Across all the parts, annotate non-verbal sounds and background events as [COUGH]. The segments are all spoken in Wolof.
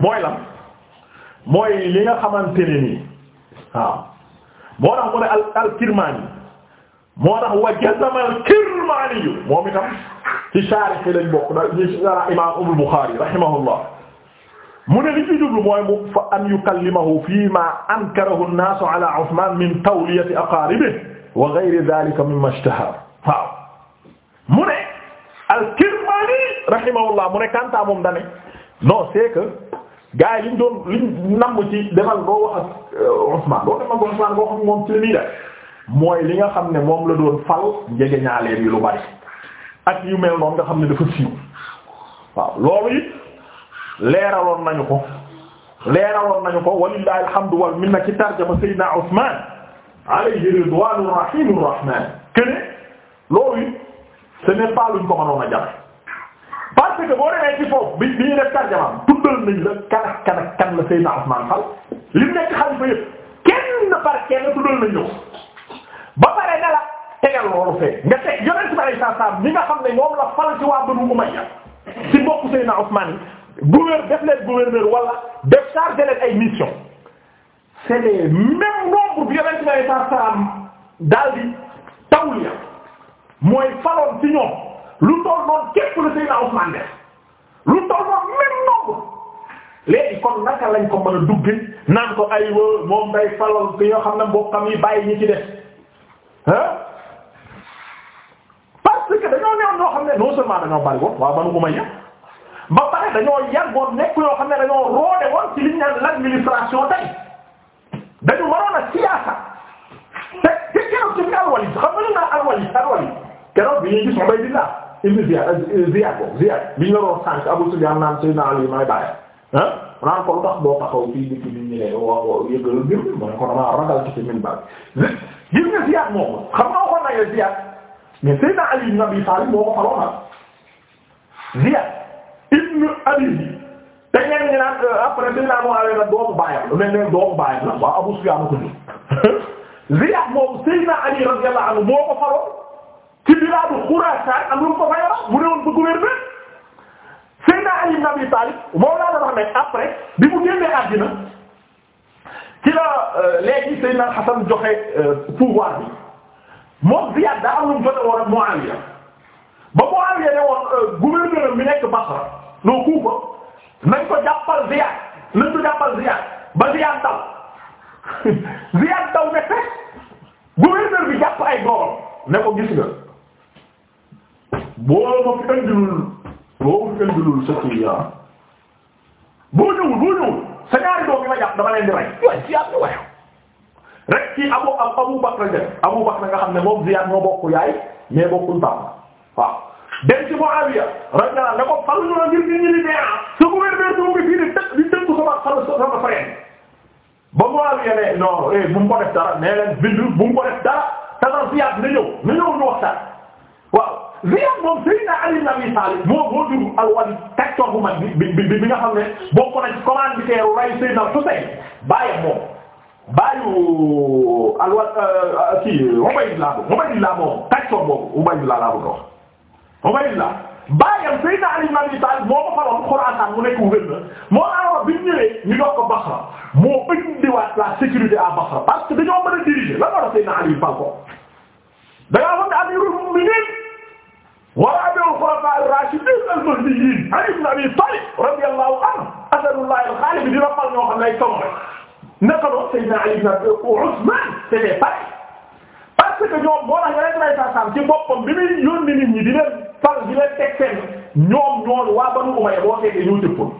mooy lan mooy li nga xamante ne nii waaw moo tax mu ne al al kirmaani moo tax wa jazama al kirmaani yu moom itam ci saarix yi lañ bokk da ñu sara imaam Abul Buxaari rahimahullah mu ne li ci jublu mooy mu fa an yukallimahu fii ma ankarahu an-naasu ala Usmaan min tawliyati aqaaribihi wa ghayri dhaalika mimmaa ishtahara waaw mu ne al kirmaani rahimahullah mu ne Kantaa moom dane non c'est que gaa yi liñ doon liñ namm ci defal boo wax ak euh, Ousmane boo defal ko Ousmane boo xam moom ci li muy mooy li nga xam ne moom la doon fal jege ñaaleem yi lu bari ak yu mel noonu nga xam ne dafa siiw waaw loolu it leeraloon nañu ko leeraloon nañu ko walillahi alhamdu wal minna na tarjama Seydina Ousmane alayhi ridwanur rahimur rahman kene loolu it ce n'est pas luñ ko mënoon a jàpp parce que boo demee ci foofu bi bi ñu def tarjama tuddal nañ la kan ak kan la Seydina Ousmane xal li mu nekk xalifa yëpp kenn par kenn tuddal nañ ñëw ba pare ne la tegal loolu fee nga teg yonent bi alayhi salaam mi nga xam ne moom la fal ci waa Banu Umayya ci mbokk Seydina Ousmane yi gouverneur def leen gouverneur wala def chargé leen ay mission c'est le même nombre bi yonent bi alayhi salaam daal di tawliya mooy faloon ci ñoom lu toll noonu képp lu Seydina Ousmane def lu toll noonu même nombre léegi kon naka lañ ko mën a dugge naan ko ay wa moom day falal ki ñoo xam ne mbokkam yi bàyyi ñi ci def ah dañoo neew ñoo xam ne non seulement dañoo bari woon waaw manu ko may ba pare nekk yoo xam ne dañoo roode woon ci li ñu naan l'administration tey dañu waroon a siyaasa te te keroog ci biir alwali xam nga lu naan alwali alwali keroog bi ñuy gis Ubaydillah ibn Ziyad euh, Ziyad boobu Ziyad biñ la doon sànq Abu Sufyan naan Sayyidina Ali may bàyyi ah naan ko lu tax doo taxaw fii dikk bi ñu ne waaw oh, oh, oh, yëgal mbir mi mooy ko damaa ragal ci minbar bi gis nga Ziyad moo ko xam nga waxoon nañu Ziyad mais Sayyidina Ali ibn Abi Talib moo ko faloon ah Ziyad ibn Abi te ñenn ñi naan euh, après Sayyidina Ali la doomu baayam lu ne ne doomu baayam la waaw Abu Sufyan ko [LAUGHS] moom Sayyidina Ali radiyallahu anhu moo ko faloon ci bilaadu Xuraasaan am lu mu ko fa yara mu ne woon bëgg wér bés Seydina Ali ibn Abi Talib ne après bi mu génnee àddina ci la euh, léegi Seydina Hasan joxe euh, pouvoir bi moom Ziyaad daa am lu mu jotee woon ak Muawiya ba Muawiya ne woon euh, gouverneur bi nekk Basra noo Kuufa nañ ko jàppal Ziyaad nañ ko jàppal Ziyaad ba Ziyaad daw [LAUGHS] Ziyaad daw ne fekk gouverneur bi jàpp ay ne ko gis nga. boo ma fi indilul boo ma fi indilul sa kii ah boo ñëwul boo ñëwul sa ñaari doom yi ma jàpp dama leen di rey waaye Ziyaad mi waaye rek ci Abu Abu Bakr def Abu Bakr nga xam ne moom Ziyaad moo bokk yaay mais bokkul papa waaw. dem ci Muawiya radiyallahu anhu ne ko fal ñu la ngir ñu ñu li dee ah. su gouverneur bi mu ngi fii di tëkk di tëkk sama sama sama frère ba Muawiya ne non eh bu mu ko def dara nee leen bindu bu mu ko def dara te Ziyaad na ñëw na ñëw ñu waxtaan waaw. Riyad moom Seydina Ali ibn Abi Talib moo moo dugg al-Walid taccoor bu mag bi bi bi nga xam ne bokk na ci commanditaire ray Seydina Husayn bàyyam moom bàyyu euh, alwa euh, kii Ubaydillah boobu Ubaydillah moom taccoor boobu Ubaydillah laa bu dox Ubaydillah bàyyam Seydina Ali ibn Abi Talib moo ko faloon Khurasan mu nekk gouverneur moo awa bi ñu ñëwee ñu dox ko Basra moo indiwaat la sécurité à Basra parce que dañoo mën a diriger la war a Seydina Ali fal ko da ngaa xam ne amirul mu'minin wala bil khulafa ar-rashidin al-mahdiyyin Ali ibn Abi Talib radiyallahu anhu asadullah al-ghalib dina fal ñoo ne ay tombe naka doon Sayyidina Ali ibn Abi Usman c'était pareil parce que ñoom moo tax yeneen lay sasam ci boppam bi muy yónni nit ñi di leen fal di leen teg seen ñoom ñoom waa Banu Umayya boo seetee ñoo tëppoon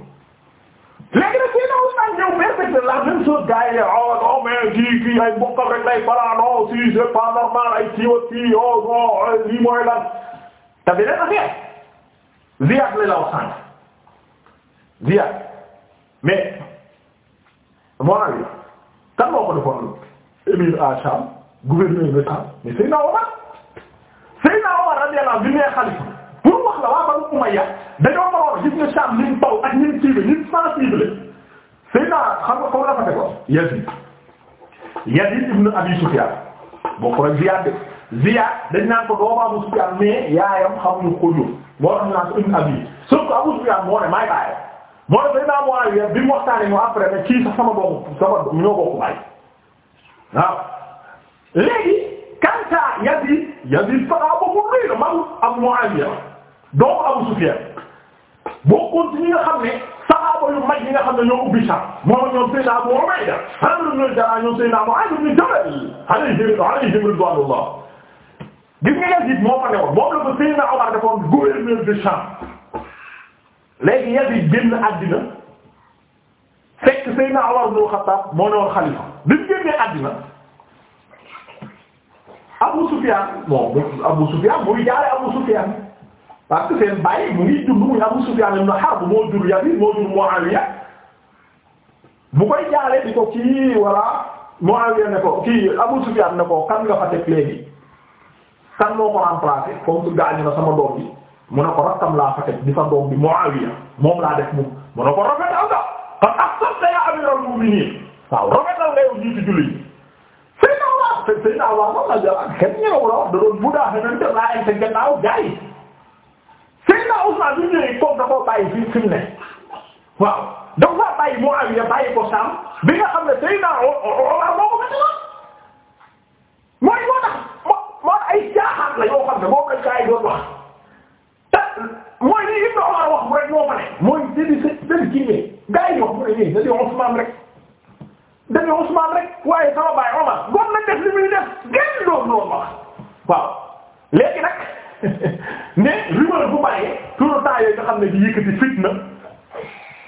léegi nag Sayyidina Usman ñëw perfecte la même chose gars yi ne oh non mais kii ay mbokkam rek lay fala non si c'est pas normal ay kii wa oh, kii oh non euh, lii mooy lan te beneen affaire Ziyad la law sànq Ziyad mais moo tax it kan moo ko defoon émir à Sham gouverneur de Sham mais Seydina Omar Seydina Omar radiyallahu anhu bi nee xalifa pour wax la waa Banu Umayya dañoo waroon gis nga Sham liñ taw ak liñ cible liñ sensible Seydina xam nga foofu la fa tegoon Yazid Yazid ibn Abi Sufyan boo ko Ziyad Ziyaad dañ naan ko doomu Abu Sufyaan mais yaayam xamuñu ko jur moo tax naan ko ibn abi sauf que Abu Sufyaan moo ne maay baayam moo ne Seydina Muawiya bi mu waxtaanee ñu après ne kii sax sama bokk sama ñoo bokk baay waaw léegi kanta Yazid Yazid fara bokku rëy la magu am Muawiya doomu Abu Sufyaan bokkoon ci ñi nga xam ne saxaaba yu mag yi nga xam ne ñoo ubbi sax moom ñoom Seydina Abu Ubayda Amr ibn al-Jarrah ñoom Seydina Muaaz ibn Jabal alayhim alayhim ridwaanullah gis nga Yazid moo fa newoon moom la ko Seydina Omar defoon gouverneur de Cham léegi Yazid génn àddina fekk Seydina Omar ibn Khattab moo newoon xalifa bi mu génnee àddina Abu Sufyan bon Abu Sufyan muy jaare Abu Sufyan parce que seen bàyyi mu ngi dund muy Abu Sufyan ibn Harb moo jur Yazid moo jur Muawiya bu koy jaaree di ko kii voilà Muawiya ne ko kii Abu Sufyan ne ko kan nga fa teg léegi. kan moo ko remplacé comme que gaañu na sama doom bi mu laa fa di fa doom bi Muawiya moom laa def mu mu ne ko rafetal nga qad ahsanta ya amiral mu'minin waaw rafetal nga yow jiitu jullit yi. Seydina Omar Seydina Omar moom la jëlaat kenn ñëw la wax da doon bu daa xamante ne laa yegg gannaaw gaa yi Seydina Ousmane bi ñëwee kooku da koo bàyyi fii fi mu ne waaw da koo bàyyi Muawiya ko Saam bi nga xam ne Seydina Omar kiiwee gars yi wax mu nii da di Usmaan rek da di Usmaan rek waaye sama baay Omar gon li muy def gën doon loolu wax waaw léegi nag mais [LAUGHS] bu bàyyee tout le temps yooyu nga xam ne di fitna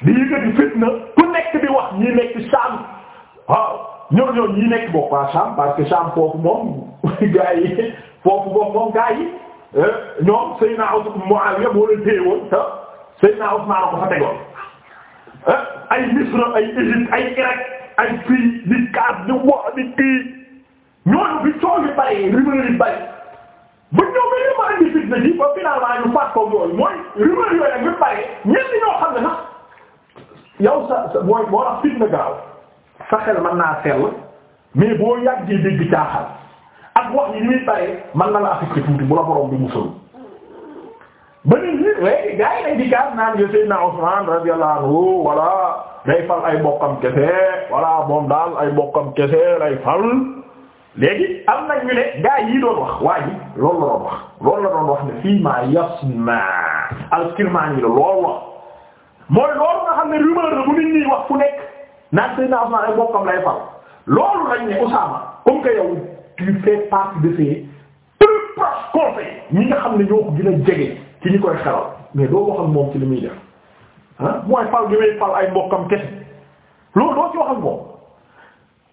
di yëkkati fitna ku nekk di wax ñi nekk Saam waaw ñoo ñoo ñi nekk bokk waa Saam parce que Saam foofu [LAUGHS] moom gars yi foofu boobu moom gars yi ñoom Seydina Muawiya moo leen téye woon te Seydina Usmaan ko fa tegoon Ah, ay Misra ay Égypte ay Irak ay fii di kaas di wax di kii ñooñu bi coow li bari rumeur yi bari ba ñoom ñu ngi mën a indi fitna ji ba finalement ñu faat ko yooyu mooy rumeur yooyu nag ñu bari ñenn ñoo xam ne nag yow sa sa mooy moo tax fitna gaaw sa xel mën naa sell mais boo yàggee dégg caaxal ak wax yi ni muy bari mën na la affecté tuuti bu la borom bi musul ba nit ñi léegi gars yi lay di gaar naan nga Seydina Usman radiyallahu anhu wala day fal ay bokkam kese wala moom daal ay bokkam kese lay fal léegi am na ñu ne gars yi doon wax waa ji loolu la doon wax loolu la doon wax ne fii ma yasma al-Kirmani la loolu wax mooy loolu nga xam ne rumeur la bu nit ñi wax fu nekk naan Seydina Usman ay bokkam lay fal loolu lañ ne Usama comme que yow tu fais partie de ces plus proches conseils ñi nga xam ne ñoo ko gën a jege ci ñi koy xelal mais doo wax ak moom ci li muy def mooy fal gi may fal ay mbokkam kese loolu doo ci wax ak moom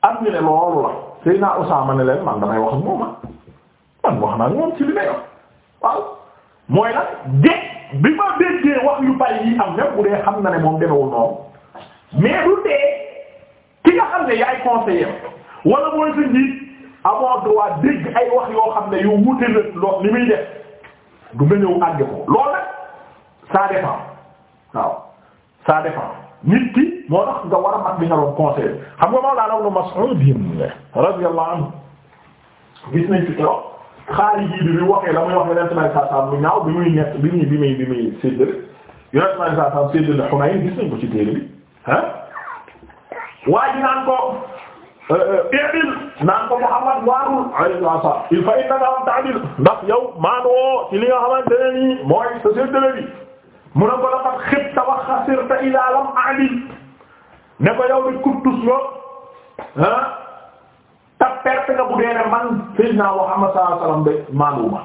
am ñu ne loolu la Seydina Usaama ne leen man damay wax ak moom ah man wax naa moom ci li may wax waaw mooy wax yu bari yi am même na moom demewul noonu mais du dee ki nga xam ne yaay conseiller wala mooy sa njiit amoo droit dégg ay wax yoo xam ne yu wute la li muy du nga ñëw àgg ko loolu nag ça dépend waaw ça dépend nit ki moo tax nga war a mat li nga doon conseil xam nga Mawlana Ibn Mas'ud radiyallahu anhu gis nañ ci keroog Xaalid bi bi waxee la muy wax Yonent bi saa saa bu ñaaw bi muy nekk bi muy bi muy bi muy séddale Yonent bi saa saa séddale Hunayn gis nañ ko ci téere bi ah waaye naan ko. i'dil naan ko Muhammad waarul alayhi salaam il fa innaka lam ta'dil ndax yow maanoo ci li nga xamante mooy sa séddale bi mu ne ko laqad xibta wa xasirta ilaa lam a'dil ne ko yow di kuttus nga ah te perte nga bu dee ne man Seydina Muhammad sallallahu alayhi wasallam de maanuma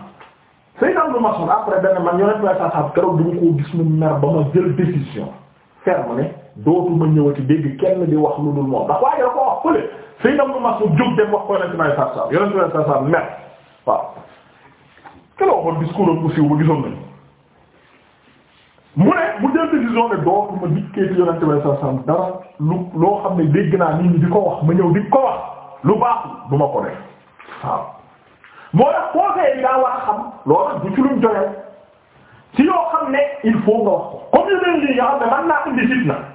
Seydina Ibn Mas'ud après benn man yonent bi sallallahu alayhi wasallam keroog dama koo gis mu mer ba ma jël décision dootuma ñëwati dégg kenn di wax lu dul moom ndax waaye ko wax fële sëy nam lu mas u jóg dem wax ko yonente may sar sam yonente may sar sam mer bu siiw ba gisoon nañu mu ne mu jël décision ne dootuma dara lu loo xam ne dégg naa nit di ko wax ma di ko wax lu baaxul du ma ko def waaw moo tax conseil yi daa war a xam loolu du ci luñ joxe ci yoo ne il faut nga ko comme yu mel nii yoo ne mën naa indi fitna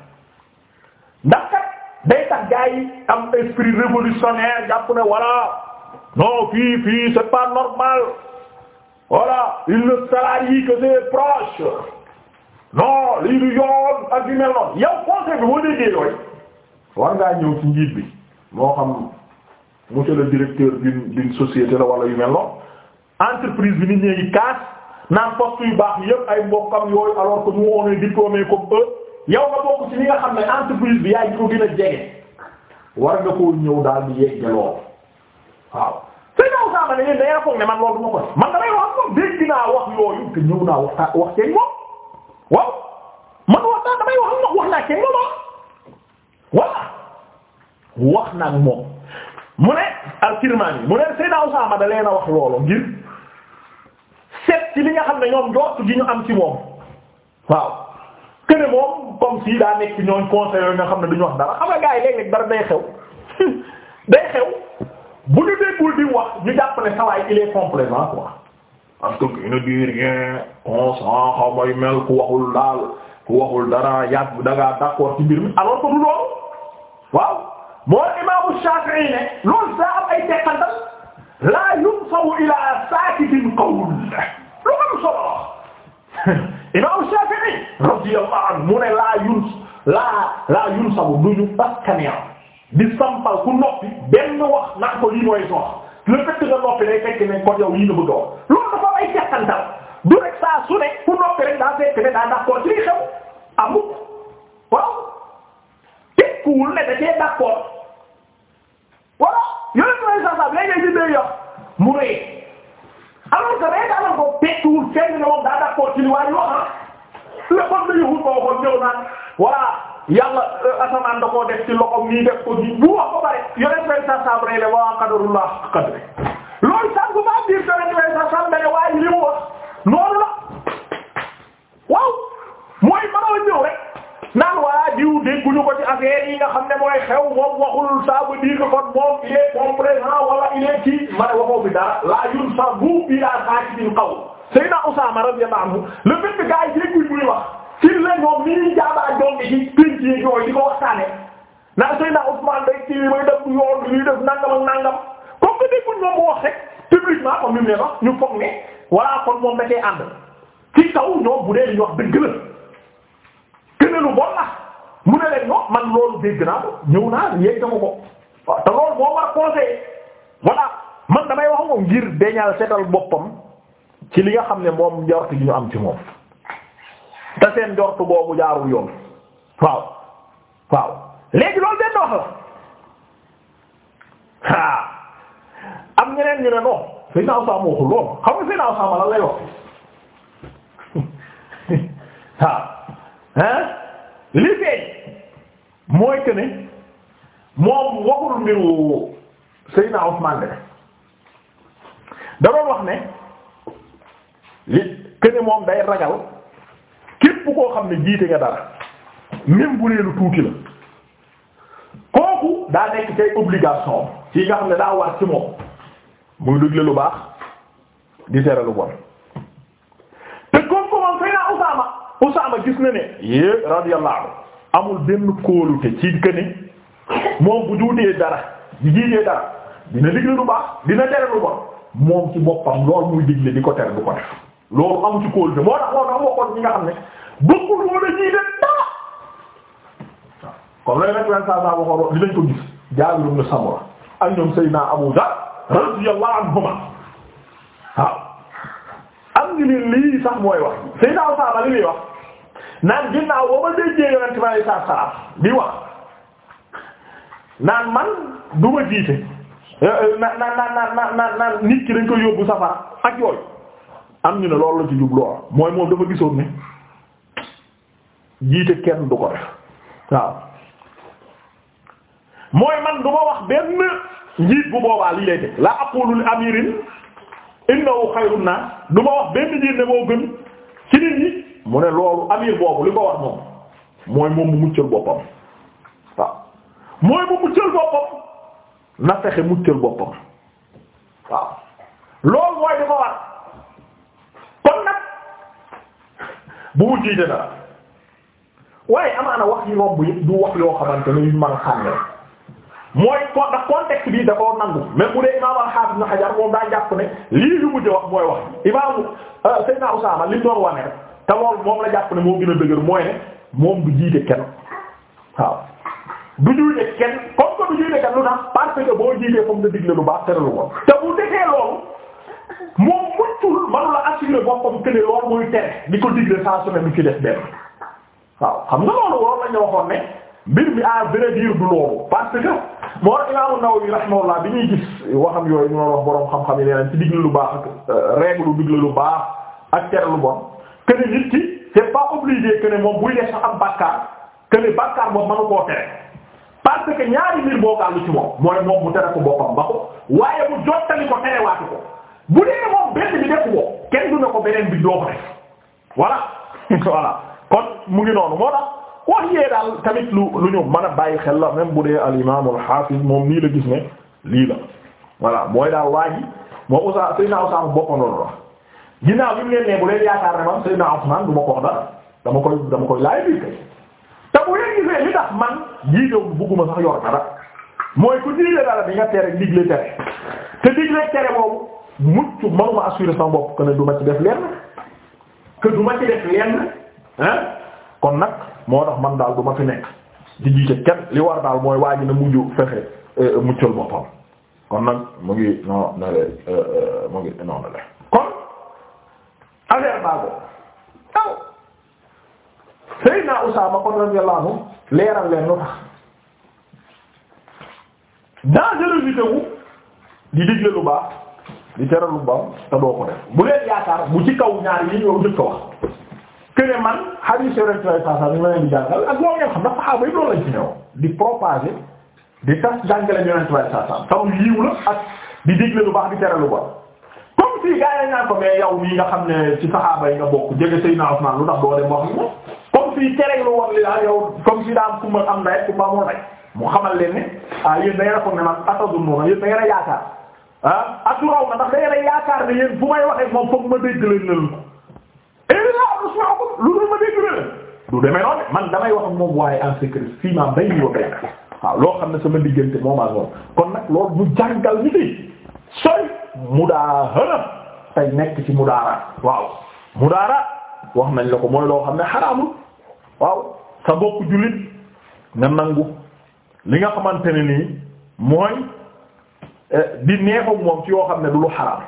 ndax kat day tax gars yi am esprit révolutionnaire jàpp ne voilà non fii fii c'est pas normal voilà il ne salarie que ses proches non lii du yoon ak yu mel noonu yow conseil bi boo déggee yooyu war ngaa ñëw ci njiit bi moo xam monsieur le directeur d'une d'une société la wala yu mel noonu entreprise bi nit ñee ngi kaas naan poste yu baax yépp ay mbokkam yooyu alors que nous on est diplômés comme eux yow nga bokk ci li nga xam ne entreprise bi yaay ko gën a jege war nga koo ñëw daal di yegg lool waaw. te ñëw saa ma ne da nga ne man loolu du ma ko man damay wax moom dégg naa wax yooyu te ñëw naa waxtaan wax ceeb moom waaw man wax naa ceeb moom wax naa ne al-Kirmani mu ne a wax loolu ngir seet li nga xam ne ñoom am ci moom waaw que ne moom. comme si daa nekk ñooñ conseil yooyu nga xam ne duñu wax dara xam nga gars yi léeg dara day xew [LAUGHS] day xew bu ñu déggul di wax ñu jàpp ne sawaay il est complaisant quoi parce que il ne dit rien on s'en ku waxul daal ku waxul dara yàgg bu dangaa d'accord ci mbir mi alors que du loolu waaw moo imaamu Shafi'i ne loolu daa am ay teqantal la yunsabu ila sakitin qawl lu am solo [LAUGHS] imam Shafi'i radiyallahu anhu mu ne laa yuns laa laa yunsabu duñu paskaneam di sampal ku noppi benn wax naan ko lii mooy soox le fekk nga noppi day fekk ne kon yow lii na bëgg a wax loolu dafa ay jàkkantal du rek saa su ne ku noppi rek daa fekk ne daa d'accord ci li xew amut waaw tekkuwul ne da cee d'accord ñëw naan voilà yàlla euh, asamaan da koo def ci loxoom nii def ko ji bu wax ko bare yonent sa sam rey le waa qadarullah haqq qadri loolu san bu baa biir yonent bay sa sam dane waaye li mu wax noonu la waaw mooy mënoo ñëw rek naan waa diw dégguñu ko ci affaire yi nga xam ne mooy xew moom waxul ça veut dire que kon moom il est bon présent wala il est kii ma ne waxoo bi dara la yun sa bu ila saakibin qawl Seydina Usaama radiyallahu anhu le fait que gars yi dégguñ muy wax fii la ñoom ni ñuy jaabaa ci pénc yi yooyu di ko waxtaane naan sëy naa Ousmane day kii may def yoon li ñuy def nangam ak nangam comme que déggul ñoom mu wax rek publiquement comme ni mu ne wax ñu foog ne voilà moom da cee ànd ci kaw ñoom bu dee ñu wax dëgg la keneen lu bon leen ñoom man loolu dégg naa ko ñëw naa ko ko waaw moo war conseillé man damay wax moom ngir dañal setal boppam ci li nga xam ne moom njort gi ñu am ci moom. te seen jortu boobu jaarul yoon waaw waaw léegi loolu benn wax la ah am ñeneen ñu ne non suy naaw saa ma waxul lool xam nga suy naaw saa ma lan lay wax waaw [LAUGHS] ah li feeñ mooy que ne moom waxul mbiru Seydina Ousmane de da doon wax ne li que moom day ragal. képp koo xam ne jiite nga dara même bu dee tuuti la kooku daa nekk kay obligation ci nga xam ne daa war ci moom muy digle lu baax di tere lu bon te kooku moom fay naa Usaama Usaama gis na ne yée radiyallahu amul benn kóolute ci que ne moom bu juutee dara di jiitee dara dina digle lu baax dina tere lu bon moom ci boppam loolu muy digle di ko tere du ko def loolu am ci kóolute moo tax moo tax waxoon ñi nga xam ne bokkul woon a ñii de dara waaw comme lay rek leen saa saa waxoon dinañ ko gis Jaabir ibn Samura ak ñoom Seydina Abu Dar radiyallahu anhuma waaw am ngi li lii sax mooy wax Seydina Usaama li muy wax naan ginnaaw boo ma déggee yonent bi alayhi salaatu salaam di wax naan man na ma jiite naan eh, eh, naan naan naan naan nit ki dañ koy yóbbu safara ak yooyu am ñu ne loolu la ci jublu ah. mooy moom dafa gisoon ne jiite kenn du ko waaw mooy man du ma wax benn njiit bu boobaa lii lay teg la aqulu amirin innahu xayrun naas du ma wax benn njiit ne moo gën ci nit ñi mu ne loolu amir boobu li ko war moom mooy moom mu muccal boppam waaw mooy mu muccal boppam na fexe muccal boppam waaw loolu mooy di ko war bu mu jiite dara waaye amaana wax yi romb yëpp du wax yoo xamante ne yu mën a xàmme mooy con ndax contexte bi da koo nangu mais bu dee imaam al-Hafiz Hajar moom daa jàpp ne lii lu mujj wax mooy wax imaamu euh, Seydina Usaama li mu doon wane rek te loolu moom la jàpp ne moo gën a dëgër mooy ne moom du jiite kenn waaw du jiite kenn comme que du jiite kenn lu tax parce que boo jiitee comme nga digle lu baax tere lu bon te bu moom muccul manu la assuré boppam que loolu muy tere di ko digle saa su ne mu ci def benn waaw xam nga loolu loolu la ñu waxoon ne mbir mi à vrai dire du loolu parce que moo Imam An-Nawawi rahimahullah bi ñuy gis waxam yooyu wax boroom xam-xam yi neenañ ci digle lu baax ak euh, règle lu lu baax ak tere lu bon que moom buy def sax am bàkkaar que ne bàkkaar moom mënu koo tere parce que ñaari mbir boo gàllu ci moom mooy moom mu tere ko boppam ba ko waaye mu jottali ko terewaati ko. bu dee moom benn bi defu ko kenn du ne ko beneen bi doo ko def voilà [LAUGHS] mu ngi noonu moo tax wax yee daal tamit lu lu ñu mën a bàyyi xel la même bu dee al imaam al hafiz moom nii la gis ne lii la voilà mooy daal waa ji moom Ousseynou Seydina Ousseynou boppam loolu la ginnaaw bi mu leen ne bu leen yaakaar ne man Seydina Ousmane du ma ko wax dara dama koy dama koy laaj kay te bu leen gisee li tax man yii doom bugguma sax yor dara mooy ku di nga tere digle tere te digle mucc manuma assurer sama bopp que ne du ma ci def lenn que du ci def lenn ah kon nag moo tax man daal du fi nekk di jiite kenn li war daal mooy waa ji na fexe euh, muccal boppam kon nag mu ngi non euh, euh, mu ngi non na leeral leen lu tax dangerosité wu di digle lu baax di jaral lu baax te doo ko def bu leen yaakaar bu ci kaw ñaar li ñëw njëkk a wax que ne man hadith Yonent sallallahu alayhi wa sallam ñu ma di jàngal ak loolu ngeen xam na saxaaba yi loolu lañ ci ñëw di propager di tas jàngale Yonent sallallahu alayhi wa sallam taw la ak di digle lu baax di jaral lu baax si gars yi ko mais yow mii nga xam ne ci saxaaba yi nga bokk jege Seydina Usmaan lu tax doo dem wax ni moom si tere lu li la yow si daan ku ma am ndey mu xamal leen ne ah yéen da a foog ne man asadu noonu ah aturaw na ndax da ngeen yaakaar ne yéen bu may waxee moom foog ma dégg leen ne lu eh, lu dul ma man damay wax moom waaye en secret fii maa béy ñu waaw loo xam ne sama diggante moom ak moom kon nag loolu mu jàngal nit yi sooy mudaahara tey nekk ci mudaara waaw mudaara wax nañ la ko mooy loo xam ne xaraamul waaw sa bokk jullit nga nangu li nga xamante ne nii mooy. Eh, di neexum moom ci yoo xam ne du lu xaraam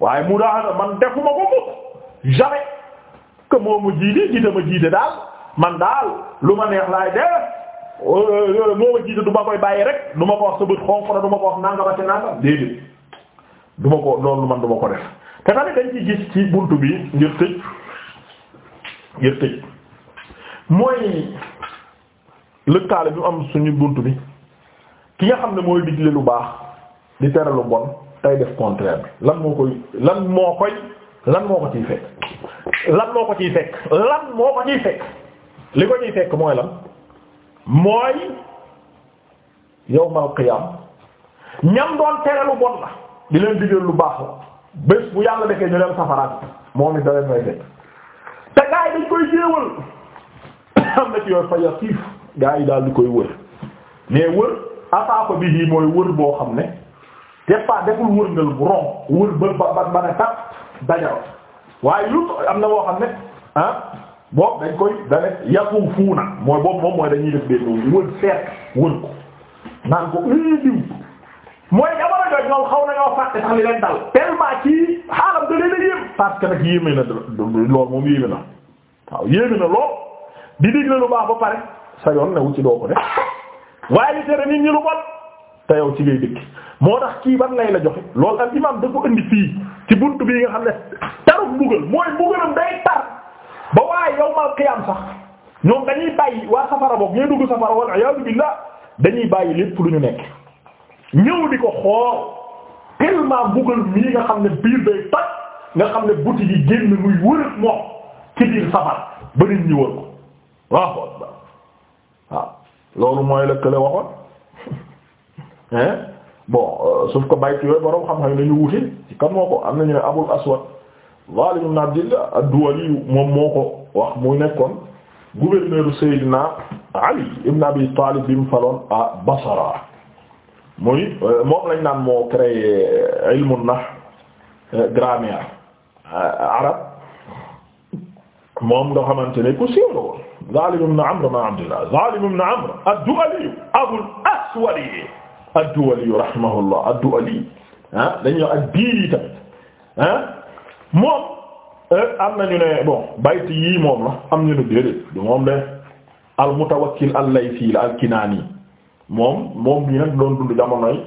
waaye mu daa man defuma ko mukk jamais que moomu jiite jiite ma jiite daal man daal lu ma neex laay def moo euh, ma jiite du koy bàyyi rek du ma ko wax sa bët xonq na duma ko wax nangam ak nangam déedéet du ma ko loolu man du ko def te tamit dañ ci gis ci buntu bi ngir tëj ngir tëj mooy lëkkaale bi am suñu buntu bi ki nga xam ne mooy digle lu baax di tere lu bon tey def contraire lan moo koy lan moo koy lan moo ko ciy fekk lan moo ko ci fekk lan moo ko li ko ciy fekk mooy lan mooy yawmal qiyaam ñam doon tere lu bon la di leen digal lu baax la bés bu yàlla defee ñu leen safaraat moom it da leen may fekk te gaa yi dañ koy jéewal am na ci yooyu fa gaa yi daal di koy wër mais wër asaako bi yi mooy wër boo xam ne des fois deful wërngal bu ron wër ba ba ba ba ne tax dajaro waaye lu am na woo xam ne ah boobu dañ koy da nekk yafuufuuna mooy boobu moom mooy dañuy def benn wër seet wër ko naan ko diw mooy jamono jooju ñoom xaw nañoo fàtte sax li leen dal tellement ci xaalam da leen a yéem parce que nag yéeme na lool moom yéeme na waaw yéeme na lool di digle lu baax ba pare sa yoon ne wu ci doo ko waaye li tere nit ñi lu bon. te yow ci ngay dëkk moo tax kii ban lay la joxe loolu al imam da ko indi fii ci buntu bii nga xam ne taru mbugal mooy mbugalam day tar ba waaye yawmal qiyaam sax ñoom dañuy bàyyi waa safara boog ñooy dugg safara wal iyaadu billah dañuy bàyyi lépp lu ñu nekk ñëw di ko xool tellement mbugal mii nga xam ne biir day toj nga xam ne buti yi génn muy wërëg moom ci biir safara ba nit ñi wër ko waaw waaw loolu mooy lëkkale waxoon bon euh, sauf que baytu yooyu borom xam-xam nañu wuute ci kan moo ko am nañu ne Abul Aswad Ghalib ibn Abdillah ad-Duwali moom moo ko wax mu nekkoon gouverneur Seydina Ali ibn Abi Talib bi mu faloon à Basra muy euh, moom lañ naan moo créé euh, ilmu nah grammaire arabe moom nga xamante ne ku siiw la woon Ghalib ibn Amr ibn Abdillah Ghalib ibn Amr ad-Duwali Abul Aswad ad-Duwali rahimahullah ad-Duwali ah dañuy wax ak biir yi tamit ah moom euh, am nañu ne bon bayti yii moom la am ñu ne déedéet du moom de al-Mutawakkil al-Laythi la al-Kinaani moom moom bii nag doon dund jamonoy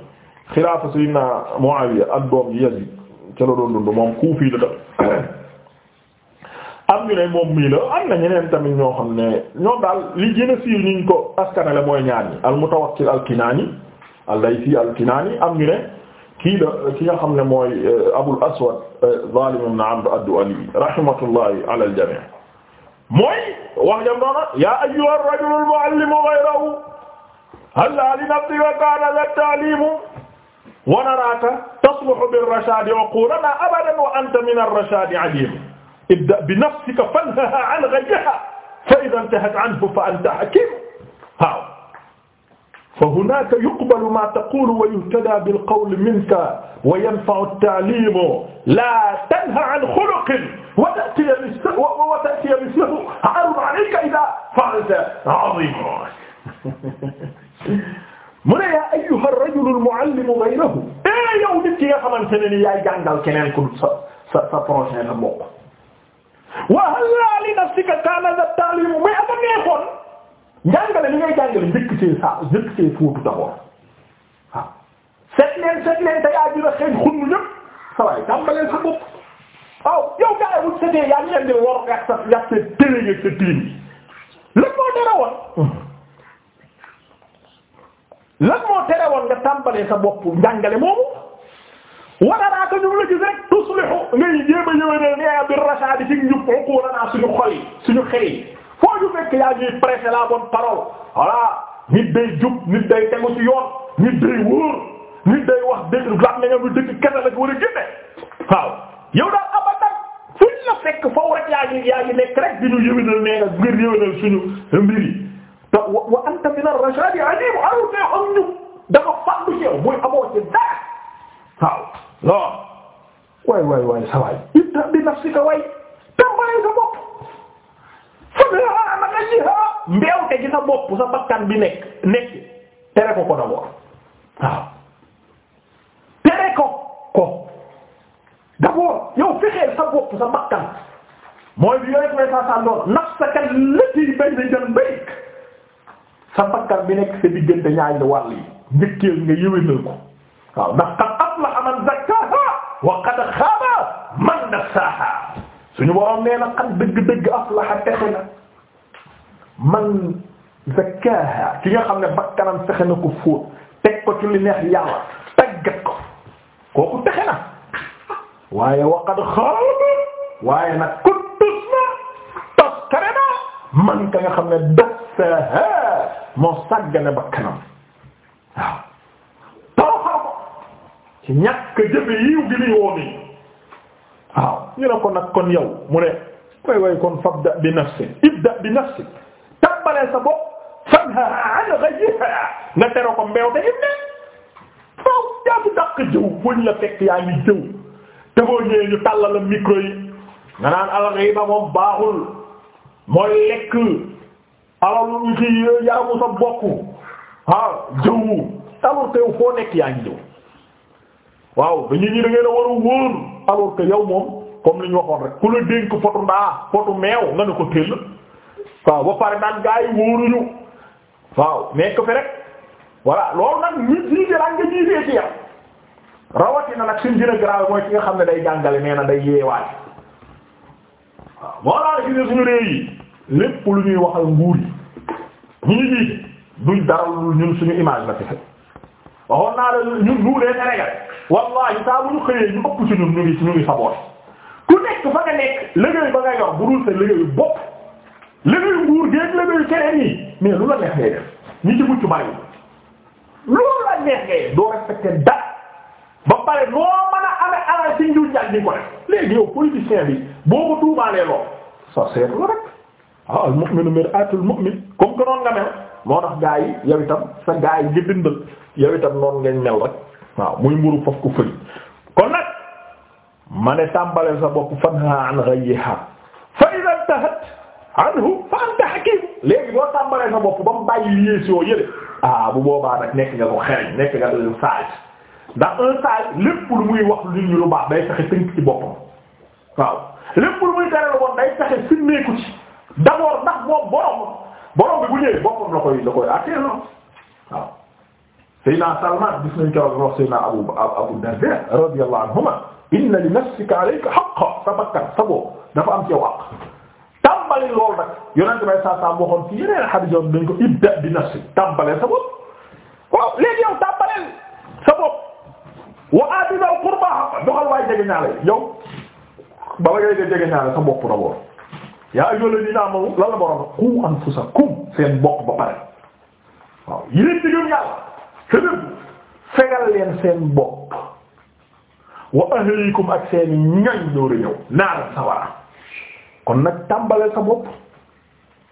xilaafa sayyidina Muawiya ak doom ji Yazid ca la doon dund moom Kuufi la tamit am ñu ne moom mii la am na ñeneen tamit ñoo xam ne ñoom daal lii gën a siiw ñu ko askanale mooy ñaar ñi al-Mutawakkil al al-Laythi al-Kinaani am ñu ne kii la ki nga xam ne mooy euh, Abul Aswad euh, Zaalim ibn Amr ad-Du'ali rahimatullahi ala al-jamii' mooy wax jam doona yaa ayyuha ar-rajulu al-mu'allimu ghayrahu halla li nafsika kaana at-ta'liimu wa naraaka tasluhu bir-rashaadi uquulanaa abadan wa anta min ar-rashaadi 'aliim ibda' bi nafsika fanhahaa 'an ghayrihaa fa idhaa intahat 'anhu fa anta hakiim waaw fa hunaaka yuqbalu maa taqulu wa yuhtadaa bil qawli minka wa yanfa'u at-ta'liimu laa tanha an xuluqin wa ta'tiya mislahu wa ta'tiya mislahu 'alayka idaa fa'alta 'aziiman [LAUGHS] mu ne yaa ayyuha ar-rajulu al-mu'allimu ghayrahu ee yow nit ki nga xamante ne ni yaay jàngal keneen ku sa sa sa projet la bokk wa hal li nafsika kaana ta'liimu njàngale li ngay jàngale njëkk see saa njëkk see fóotu d'abord waaw set leen set leen te yaa jël xëy xunnu ñëpp sa waay tàmbalee sa bopp waaw yow gars yi bu setee yaa ngi leen di wor ak sa yàq sa télé yeeg sa tilim yi lan moo tere woon lan moo tere woon nga tàmbalee sa bopp njàngale moomu wararaa ko ñu ngi la gis rek tuslihu ngay jéem a ñëw ne yaa bi rashad ci njub uqulana suñu xol yi suñu xel yi. foo ñu yaa ñuy prêcher la bonne parole voilà nit jub nit day yoon nit day wóor wax dëgg laaj na nga lu dëgg la ko war a génne yow daal abadan fuñ la fekk foofu rek yaa ngi yaa ngi nekk rek di ñu yëwénal nee nga ngir yëwénal suñu mbir yi te wa anta min ar-rashadi alim aru ne am ñu dafa fàttu ci yow mooy amoo ci dara waaw non waay waay waay sa waay itta bi nafsika waay tàmbalee sa bopp fanaana ajiha mbeewte gi sa bopp sa bakkan bi nekk nekk tere ko ko d'abord waaw tere ko ko d'abord yow fexeel sa bopp sa bakkan mooy bi yooyu may saa saa ndoon nafsaka allati bayna janbayk sa bakkan bi nekk sa diggante ñaari wàll yi njëkkeel nga yëwénal waaw ndax qad man zakkaha wa qad xaaba man dassaha suñu boroom nee na xat dëgg-dëgg aflaha texe na man zakkaha ki nga xam ne bakkanam texe na ko fóot teg ko ci li neex yàlla taggat ko kooku texe na waaye waqad xaaba waaye nag kuttus na toskare na man ka nga xam ne dassaha moo sàggane bakkanam waaw toroxal ko ci ñàkk jëfe yiw gi ni ñu ne ko nag kon yow mu ne way way kon fabda bi nafsi ibda bi nafsi tàmbalee sa bopp fadha an ghayha nga tere ko mbeew te it ne waaw jaabu dàq jëw jëw te boo ñëwee ñu tàllal micro yi nga naan al ghiba moom baaxul mooy lekk alalu ci yaramu sa bokk waaw jëwu alors que foo nekk yaa ngi jëw waaw dañuy ñi da ngeen a war a wóor alors que yow moom comme lu ñu waxoon rek ku la dénk potu ndaa potu meew nga ne ko tëll waaw ba pare naan gaa yi wóoruñu waaw nekk fi rek voilà loolu nag nit jiite rawatina nag suñ gën a mooy ki nga xam ne day jàngale nee na day yeewaay waaw moo laa gis ne suñu réew yi lépp lu ñuy waxal nguur yi ñu ñu jiite duñ dara lu ñun suñu image la ci fekk waxoon naa la ñun ñu leen Sénégal wallahi saa bu ñu xëyee ñu ëpp ci ñun ñu ngi ñu ngi saboot ku nekk fa nga nekk liggéey ba nga yor bu dul sa liggéeyu bopp liggéeyu nguur géeg liggéeyu keneen yi mais lu la neex ngay def ñi ci mucc bari loolu la neex ngay doo respecté dara ba pare noo mën a amee alal ci njuuj njaaj di ko def léegi yow politicien bi boo ko tuumaalee lool sa seetlu rek ah al mu'minu mir'atul mu'min comme que noonu nga mel moo tax gaa yi yow itam sa gaa yi nga dindal yow itam noonu ngeen mel rek waaw muy mburu foofu ko fëri kon nag mane ne bopp fanha an ghayha fa idha intahat anhu fa anta hakim léegi boo tàmbaleel bopp ba mu bàyyi yées yoo yële ah bu boobaa nag nekk nga ko xereñ nekk nga ko sage ndax un sage lépp lu muy wax lu ci boppam waaw lépp lu muy tere la woon day fexe simmeeku ci bi Salman gis nañ keroog wax Seydina Abu Abu Darda radiyallahu anhuma inna li nafsika alayka sa bakkan sa bopp dafa am ci wàq tàmbali loolu nag yonente may saa saa waxoon ci yeneen hadith yoon dañ ko ibda bi nafsi tàmbalee sa bopp waaw léegi yow tàmbaleel sa bopp wa aati dal qurba doxal waay jege ñaale yow bala ngay de jege ñaale sa bopp d'abord yaa ayyuhal ladina amanu lan la borom qu anfusakum seen bopp ba pare waaw yéen di yàlla fegal leen seen bopp wa ahlikum ak seeni ñañ dóora ñëw kon nag tàmbale sa bopp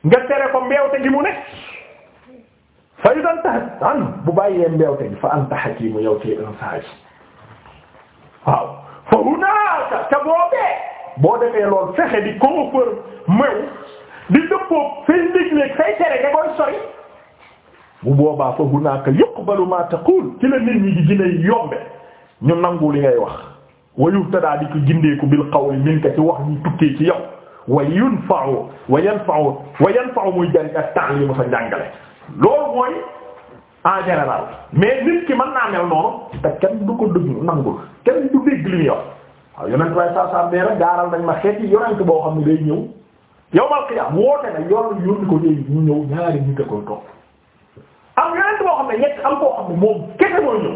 nga tere ko mbeewte gi mu ne fa idan tahat an bu bàyyee mbeewte gi fa anta hakimu yow tee un waaw fa hunaaka ca boobee boo defee lool fexe di koo për mew di dëppoo fay ndigleeg fay tere nga koy sori bu boobaa fa hunaaka yuqbalu ma taqul ci nit ñi di gën yombe ñu nangu li ngay wax wayuf tadaa di ko gindeeku bil qawli minka ci wax ñu tukkee ci yow wa yunfa'u wa yanfa'u wa yanfa'u muy jariñ ak ta'limu sa njàngale loolu mooy en général mais nit ki mën naa mel noonu te kenn du ko dëgg nangul kenn du dégg li muy wax waaw yonent way na gaaral nañ ma xeet yi yonent boo xam ne day ñëw yow mal xiyaam na yoon yónni ko léegi ñu ñëw ñaari nit a koy topp am yonent boo xam ne ñett am koo xam ne moom kese mooy ñëw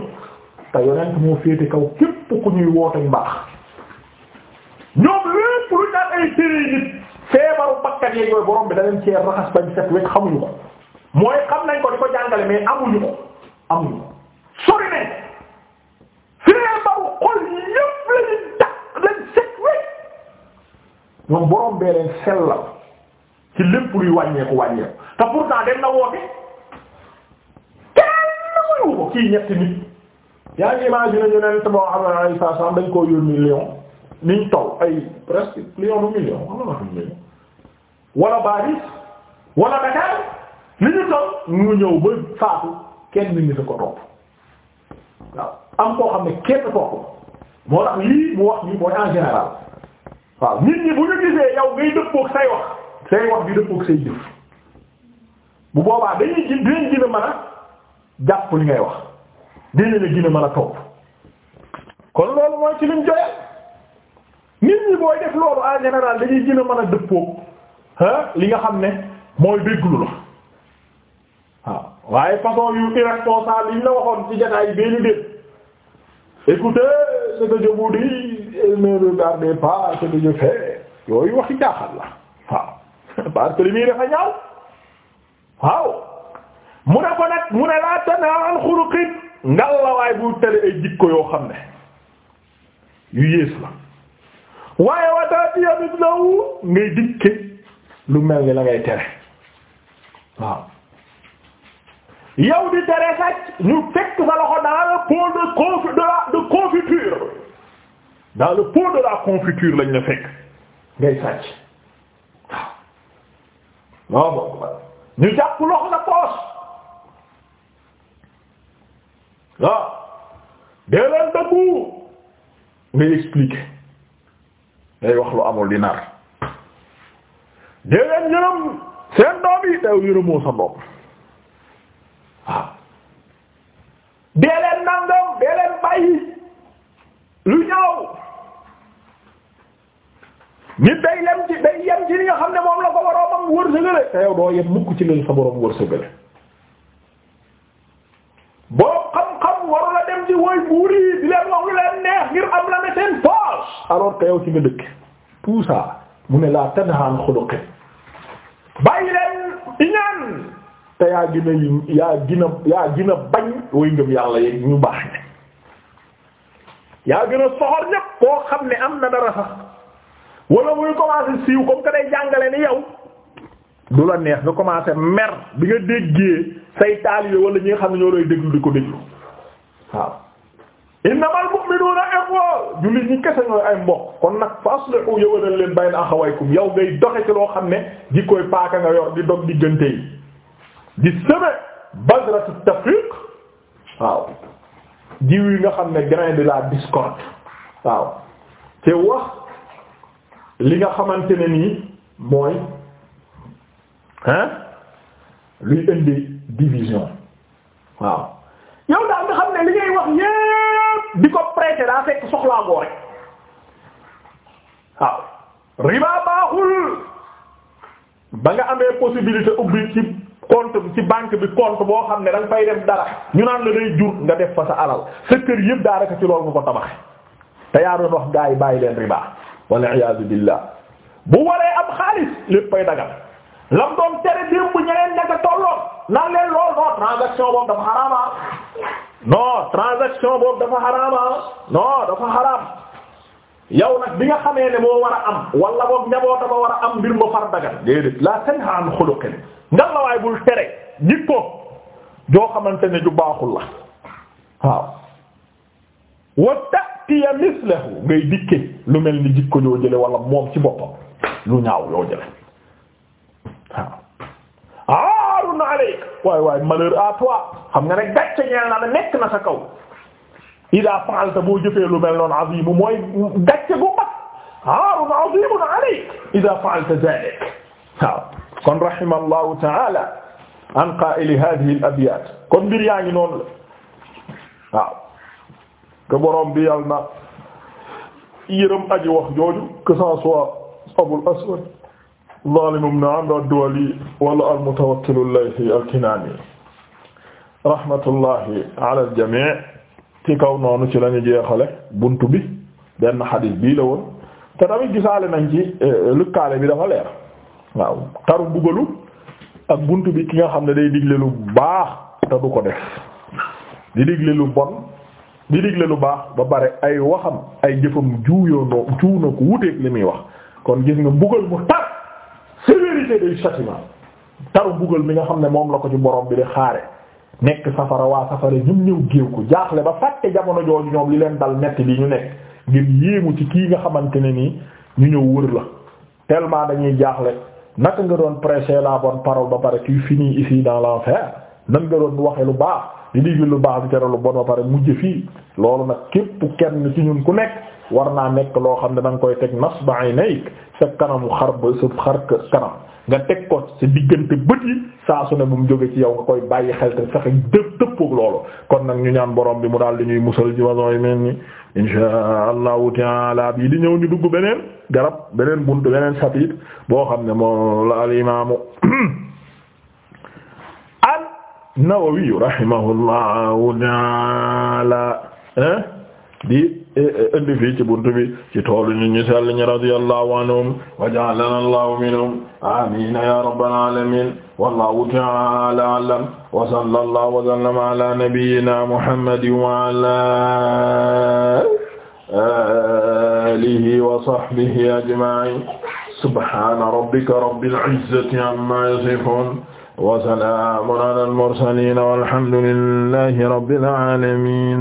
te yonent moo féete kaw képp ku ñuy woote mbaax ñoom lépp lu daan ay séeréer nit feebaru bakkat yeeg yooyu borom bi da leen raxas bañ set wecc xamuñu ko mooy xam nañ ko di ko jàngale mais amuñu ko amuñu ko sori nañ feebaru xol yépp lañu takk lañ set wecc ñoom borom bee leen sellal ci lépp luy wàññeeku wàññeeku te dem na woote kenn wuyu ko kii ñetti nit. yaa ngi imaginer ñu ne boo xam ne ay saa dañ koo yónni Lyon niñ taw ay presque Lyon du million xam nga million wala Paris wala Dakar li ñu taw ñu ñëw ba faatu kenn nit ñi ko topp waaw am koo xam ne kenn topp moo tax lii mu wax nii mooy en général waaw nit ñi bu ñu gisee yow ngay dëppook say wax say wax di dëppook say bu boobaa dañuy gis dinañ gën a mën a jàpp wax. dina la gën a a topp kon loolu mooy ci lim joyal nit ñi def loolu en général dañuy gën a mën a dëppoo ah li nga xam ne mooy déglu la waaw waaye façon yu irresponsable yi ñu la waxoon ci jataay yi benn dégg écoutez ce que je vous dis ne regardez pas ce waxi jaaxal la waaw [LAUGHS] parce que li muy dafa ñaaw waaw mu ne ko nag mu ne laa tanha an xuluqin ngallawaay buy tere ay jikko yoo xam ne yu yées la waaye wataati yamit lawu ngay dikke lu mel ni la ngay tere waaw yow di tere sàcc ñu fekk sa loxo dans le pot de confi de la de de la confiture lañ la fekk ngay sàcc waaw waaw ñu jàpp loxo la poche waaw dee leen dëggu ngay expliquer ngay wax lu amul di nar dee leen yërëm seen doom yi daw yërëmoo sa doom waaw dee leen nangam dee leen bàyyi lu ñaaw nit day lem ci day yem ci li xam ne moom la ko boroomam wërsëgale te yow doo yem mukk ci li sa boroom wërsëgale boo xam-xam waru la dem ci woy buur yi di leen wax neex ngir am la ne seen poche alors que yow ci nga dëkk tout ça mu ne laa tanhaan xuluqin bàyyi leen iñaan te yaa gina yaa gina yaa gina bañ woy ngëm yàlla yi ñu baax ne yaa gën a soxor ñépp koo xam ne am na dara sax wala muy commencé siiw comme que day jàngale ni yow du la neex nga commencé mer bi nga déggee say taalibe wala ñi xam ne ñoo lay déglu di ko déglu waaw innamal mu'minuna ikhwa jullit ñi kese ñooy ay mbokk kon nag fa yow ngay doxe ci loo xam ne di koy paaka nga yor di dog diggante yi di sëbe badratu tafriq waaw jiw nga xam ne grain de la discorde waaw te wax li nga xamante ne nii mooy hein luy indi division waaw yow daal nga xam ne li ngay wax yépp di ko prêter daa fekk soxlaa ngoo rek waaw riba baaxul ba nga amee possibilité ubbi ci compte ci banque bi compte boo xam ne da nga fay def dara ñu naan la day jur nga def fa sa alal sa kër yëpp daa rek ci loolu nga ko tabaxe te yaa doon wax gaa yi bàyyi leen riba wal iyaazu billah bu waree am xaalis lépp fay dagal lam tere démb bu ñeneen nekk tolloon nan leen lool non transaction boobu dafa xaraama ah. non transaction boobu dafa xaraama ah. non dafa xaraam yow nag bi nga xamee ne moo a am wala boog ñaboota ba war am mbir ma far dagal déedéet la tanha an xuluqin ngan la waay bul tere jikko joo xamante ne ju baaxul la waaw wa tatiya mislahu ngay dikke lu mel ni jikko joo jële wala moom ci boppam lu ñaaw yoo jële malhun alayk waay waay malheur à toi xam nga ne gàcce ñeel na la nekk na sa kaw ida fa'alta boo jëfee lu mel noonu azimu mooy gàcce gu mag aarun azimun alayk ida fa'alta zalik waaw kon rahima allahu taala an qaa'ili hadhihi al abyat kon mbir yaa ngi noonu la waaw ke boroom bi yàlla na yërëm aji wax jooju que ça soit abul aswad Zaalim ibn Amr ad-Duwali wala al-Mutawakkil al-Laythi al-Kinaani rahmatullahi al-jamii' ci kaw noonu ci lañu jeexale bunt bi benn xadiis bii la woon te tamit gisaale nañ ci eh, lëkkaale bi dafa leer waaw taru bugalu ak bunt bi ki nga xam ne day digle lu baax te du ko def di digle lu bon di digle lu baax ba pare ay waxam ay jëfam juuyoo noo juuna ko wuteek li muy wax kon gis nga bugal mu mérité day châtiment taru bugal mi nga xam ne moom la ko ci borom bi di xaare nekk safara waa safara ñun ñëw géew ko jaaxle ba fàtte jamono jooju ñoom li leen dal metti bi ñu nekk ngir yéemu ci kii nga xamante ne nii ñu ñëw wër la tellement dañuy jaaxle naka nga doon prêcher la bon parole ba pare tu finis ici dans l'enfer nan nga doon waxe lu baax di digg lu baax di tere lu bon ba pare mujj fii loolu nag képp kenn ci ñun ku nekk war naa nekk loo xam ne da koy teg nasba aynayk sa kanamu xar ba sa xar kanam nga teg ko sa diggante bët yi saa su ne bu mu jóge ci yow nga koy bàyyi xel te fexe dëpp dëppook loolu kon nag ñu ñaan borom bi mu daal di ñuy musal ci façon yi mel ni insha allahu taala bii di ñëw ñu dugg beneen garab beneen bunt beneen chapitre boo xam ne moo la al imaamu [CLEARS THROAT] an nawawi rahimahullahu taala di E, e, indi fii ci buntu bi ci toolu ñu ñu sell ñi radiyallahu anhum wa ja'alana allahu minhum amin ya rabbal alamin wallahu ta'ala a'lam wa sallallahu wa sallama ala nabiyyina muhammadin wa ala alihi wa sahbihi ajma'in subhana rabbika rabbil izzati amma yasifun wa salamun ala al mursalin walhamdulillahi rabbil alamin